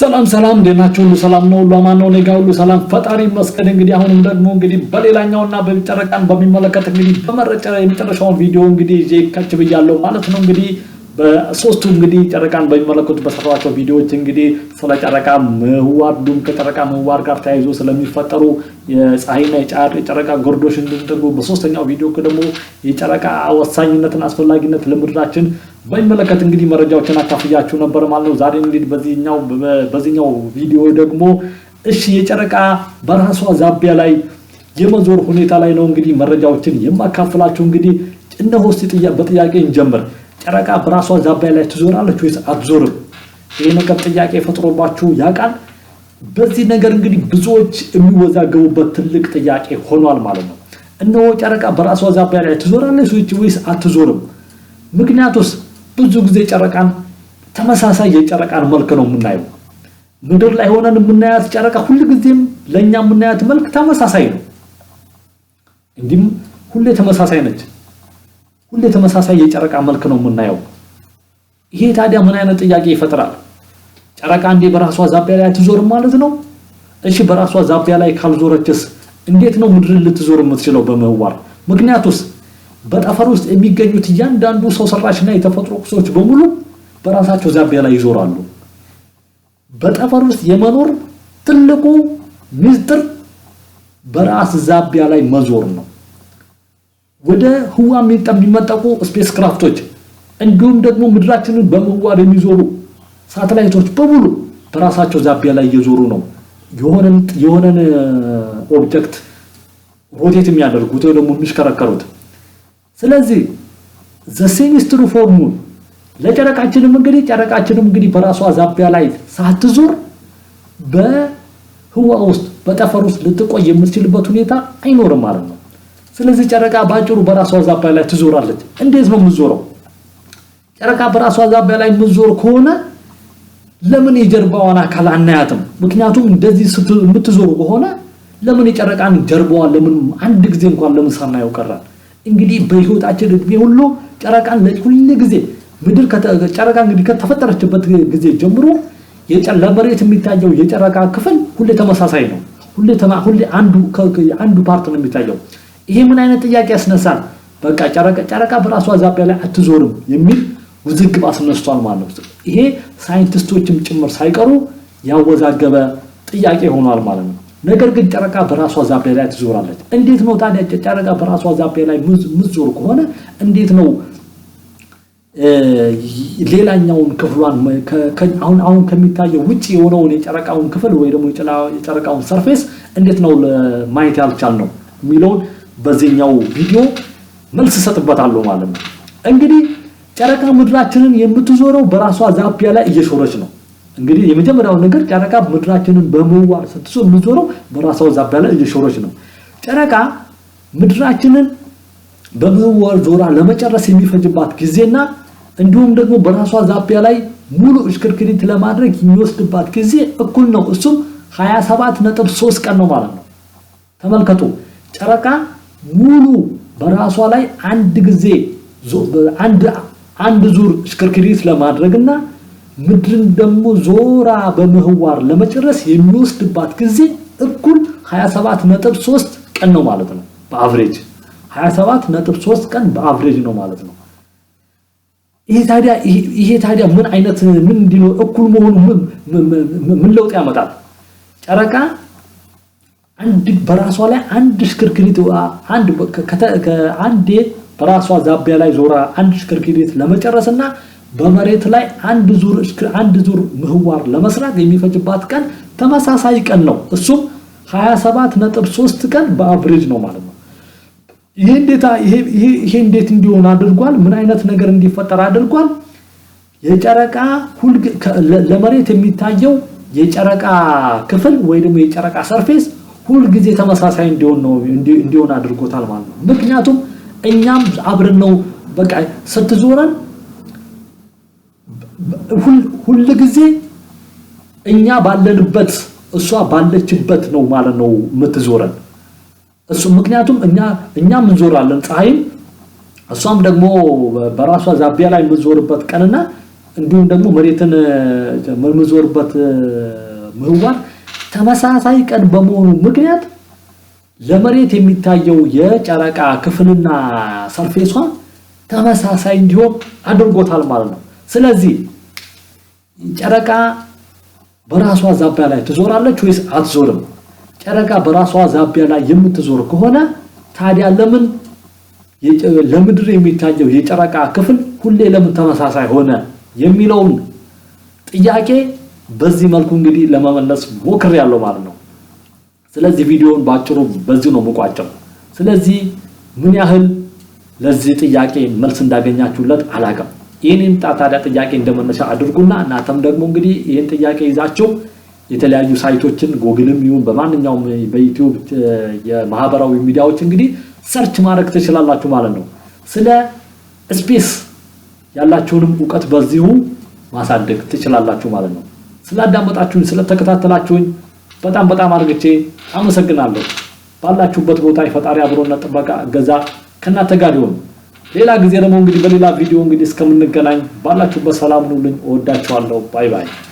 ሰላም ሰላም፣ እንዴት ናችሁ? ሁሉ ሰላም ነው፣ ሁሉ አማን ነው፣ እኔ ሁሉ ሰላም፣ ፈጣሪ ይመስገን። እንግዲህ አሁንም ደግሞ እንግዲህ በሌላኛውና በጨረቃን በሚመለከት እንግዲህ በመረጫ የመጨረሻውን ቪዲዮ እንግዲህ ይዤ ከች ብያለሁ ማለት ነው እንግዲህ በሶስቱ እንግዲህ ጨረቃን በሚመለከቱ በሰሯቸው ቪዲዮዎች እንግዲህ ስለ ጨረቃ ምህዋር እንዲሁም ከጨረቃ ምህዋር ጋር ተያይዞ ስለሚፈጠሩ የፀሐይና የጨረቃ ጎርዶች እንድንጠጉ በሶስተኛው ቪዲዮ ደግሞ የጨረቃ ወሳኝነትን አስፈላጊነት ለምድራችን በሚመለከት እንግዲህ መረጃዎችን አካፍያችሁ ነበር ማለት ነው። ዛሬ እንግዲህ በዚህኛው ቪዲዮ ደግሞ እሺ የጨረቃ በራሷ ዛቢያ ላይ የመዞር ሁኔታ ላይ ነው እንግዲህ መረጃዎችን የማካፍላችሁ። እንግዲህ እነሆ በጥያቄ እንጀምር። ጨረቃ በራሷ ዛባይ ላይ ትዞራለች ወይስ አትዞርም? ይህ ነገር ጥያቄ ፈጥሮባችሁ ያውቃል? በዚህ ነገር እንግዲህ ብዙዎች የሚወዛገቡበት ትልቅ ጥያቄ ሆኗል ማለት ነው። እነሆ ጨረቃ በራሷ ዛባይ ላይ ትዞራለች ወይስ አትዞርም? ምክንያቱስ ብዙ ጊዜ ጨረቃን ተመሳሳይ የጨረቃን መልክ ነው የምናየው። ምድር ላይ ሆነን የምናያት ጨረቃ ሁልጊዜም ለእኛ የምናያት መልክ ተመሳሳይ ነው። እንዲህም ሁሌ ተመሳሳይ ነች። ሁሌ ተመሳሳይ የጨረቃ መልክ ነው የምናየው። ይሄ ታዲያ ምን አይነት ጥያቄ ይፈጥራል? ጨረቃ እንዴ በራሷ ዛቢያ ላይ አትዞርም ማለት ነው? እሺ በራሷ ዛቢያ ላይ ካልዞረችስ እንዴት ነው ምድርን ልትዞር የምትችለው በምህዋር? ምክንያቱስ በጠፈር ውስጥ የሚገኙት እያንዳንዱ ሰው ሰራሽና የተፈጥሮ ቁሶች በሙሉ በራሳቸው ዛቢያ ላይ ይዞራሉ። በጠፈር ውስጥ የመኖር ትልቁ ምስጢር በራስ ዛቢያ ላይ መዞር ነው። ወደ ህዋ የሚመጠቁ ስፔስ ክራፍቶች እንዲሁም ደግሞ ምድራችንን በምህዋር የሚዞሩ ሳተላይቶች በሙሉ በራሳቸው ዛቢያ ላይ እየዞሩ ነው የሆነን ኦብጀክት ሮቴት የሚያደርጉት ወይ ደግሞ የሚሽከረከሩት። ስለዚህ ዘሴሚስትሩ ፎርሙ ለጨረቃችንም እንግዲህ ጨረቃችንም እንግዲህ በራሷ ዛቢያ ላይ ሳትዞር በህዋ ውስጥ በጠፈር ውስጥ ልትቆይ የምትችልበት ሁኔታ አይኖርም ማለት ነው። ስለዚህ ጨረቃ ባጭሩ በራሷ ዛባ ላይ ትዞራለች። እንዴት ነው የምትዞረው? ጨረቃ በራሷ ዛባ ላይ የምትዞር ከሆነ ለምን የጀርባዋን አካል አናያትም? ምክንያቱም እንደዚህ የምትዞሩ ከሆነ ለምን የጨረቃን ጀርባዋን ለምን አንድ ጊዜ እንኳን ለምን ሳናየው ቀራል? እንግዲህ በህይወታችን እድሜ ሁሉ ጨረቃን ሁል ጊዜ ምድር ጨረቃ እንግዲህ ከተፈጠረችበት ጊዜ ጀምሮ ለመሬት የሚታየው የጨረቃ ክፍል ሁሌ ተመሳሳይ ነው። ሁሌ አንዱ ፓርት ነው የሚታየው ይሄ ምን አይነት ጥያቄ ያስነሳል? በቃ ጨረቃ ጨረቃ በራሷ ዛቢያ ላይ አትዞርም የሚል ውዝግብ አስነስቷል ማለት ነው። ይሄ ሳይንቲስቶችም ጭምር ሳይቀሩ ያወዛገበ ጥያቄ ሆኗል ማለት ነው። ነገር ግን ጨረቃ በራሷ ዛቢያ ላይ ትዞራለች። እንዴት ነው ታዲያ ጨረቃ በራሷ ዛቢያ ላይ ምትዞር ከሆነ እንዴት ነው ሌላኛውን ክፍሏን አሁን አሁን ከሚታየው ውጭ የሆነውን የጨረቃውን ክፍል ወይ ደግሞ የጨረቃውን ሰርፌስ እንዴት ነው ማየት ያልቻል ነው የሚለውን በዚህኛው ቪዲዮ መልስ እሰጥበታለሁ ማለት ነው። እንግዲህ ጨረቃ ምድራችንን የምትዞረው በራሷ ዛቢያ ላይ እየሾረች ነው። እንግዲህ የመጀመሪያው ነገር ጨረቃ ምድራችንን በምህዋር ስትዞ የምትዞረው በራሷ ዛቢያ ላይ እየሾረች ነው። ጨረቃ ምድራችንን በምህዋር ዞራ ለመጨረስ የሚፈጅባት ጊዜና እንዲሁም ደግሞ በራሷ ዛቢያ ላይ ሙሉ እሽክርክሪት ለማድረግ የሚወስድባት ጊዜ እኩል ነው። እሱም 27.3 ቀን ነው ማለት ነው። ተመልከቱ ጨረቃ ሙሉ በራሷ ላይ አንድ ጊዜ አንድ ዙር ሽክርክሪት ለማድረግና ምድርን ደግሞ ዞራ በምህዋር ለመጨረስ የሚወስድባት ጊዜ እኩል 27.3 ቀን ነው ማለት ነው። በአቨሬጅ 27.3 ቀን በአቨሬጅ ነው ማለት ነው። ይሄ ታዲያ ምን አይነት ምን እንዲኖር እኩል መሆኑ ምን ለውጥ ያመጣል? ጨረቃ አንድ በራሷ ላይ አንድ ሽክርክሪት አንድ ከአንዴ በራሷ ዛቢያ ላይ ዞራ አንድ ሽክርክሪት ለመጨረስና በመሬት ላይ አንድ ዙር አንድ ዙር ምህዋር ለመስራት የሚፈጅባት ቀን ተመሳሳይ ቀን ነው። እሱም 27 3 ቀን በአብሬጅ ነው ማለት ነው። ይሄ ይሄ እንዴት እንዲሆን አድርጓል? ምን አይነት ነገር እንዲፈጠር አድርጓል? የጨረቃ ሁል ለመሬት የሚታየው የጨረቃ ክፍል ወይ ደግሞ የጨረቃ ሰርፌስ ሁልጊዜ ተመሳሳይ እንዲሆን ነው እንዲሆን አድርጎታል ማለት ነው። ምክንያቱም እኛም አብረን ነው በቃ ስትዞረን ጊዜ እኛ ባለንበት እሷ ባለችበት ነው ማለት ነው የምትዞረን። እሱ ምክንያቱም እኛ እኛም እንዞራለን ፀሐይም እሷም ደግሞ በራሷ ዛቢያ ላይ የምትዞርበት ቀንና እንዲሁም ደግሞ መሬትን የምዞርበት ምህዋር ተመሳሳይ ቀን በመሆኑ ምክንያት ለመሬት የሚታየው የጨረቃ ክፍልና ሰርፌሷ ተመሳሳይ እንዲሆን አድርጎታል ማለት ነው። ስለዚህ ጨረቃ በራሷ ዛቢያ ላይ ትዞራለች ወይስ አትዞርም? ጨረቃ በራሷ ዛቢያ ላይ የምትዞር ከሆነ ታዲያ ለምን ለምድር የሚታየው የጨረቃ ክፍል ሁሌ ለምን ተመሳሳይ ሆነ የሚለውን ጥያቄ በዚህ መልኩ እንግዲህ ለመመለስ ሞክር ያለው ማለት ነው። ስለዚህ ቪዲዮውን ባጭሩ በዚሁ ነው መቋጨው። ስለዚህ ምን ያህል ለዚህ ጥያቄ መልስ እንዳገኛችሁለት አላቀም ይህንን ታዲያ ጥያቄ እንደመነሻ አድርጉና እናንተም ደግሞ እንግዲህ ይህን ጥያቄ ይዛችሁ የተለያዩ ሳይቶችን ጎግልም ይሁን በማንኛውም በዩቲዩብ የማህበራዊ ሚዲያዎች እንግዲህ ሰርች ማድረግ ትችላላችሁ ማለት ነው። ስለ ስፔስ ያላችሁንም እውቀት በዚሁ ማሳደግ ትችላላችሁ ማለት ነው። ስላዳመጣችሁኝ፣ ስለተከታተላችሁኝ በጣም በጣም አድርግቼ አመሰግናለሁ። ባላችሁበት ቦታ የፈጣሪ አብሮና ጥበቃ እገዛ ከእናንተ ጋር ይሁን። ሌላ ጊዜ ደግሞ እንግዲህ በሌላ ቪዲዮ እንግዲህ እስከምንገናኝ ባላችሁበት ሰላም ሁኑልኝ። እወዳችኋለሁ። ባይ ባይ።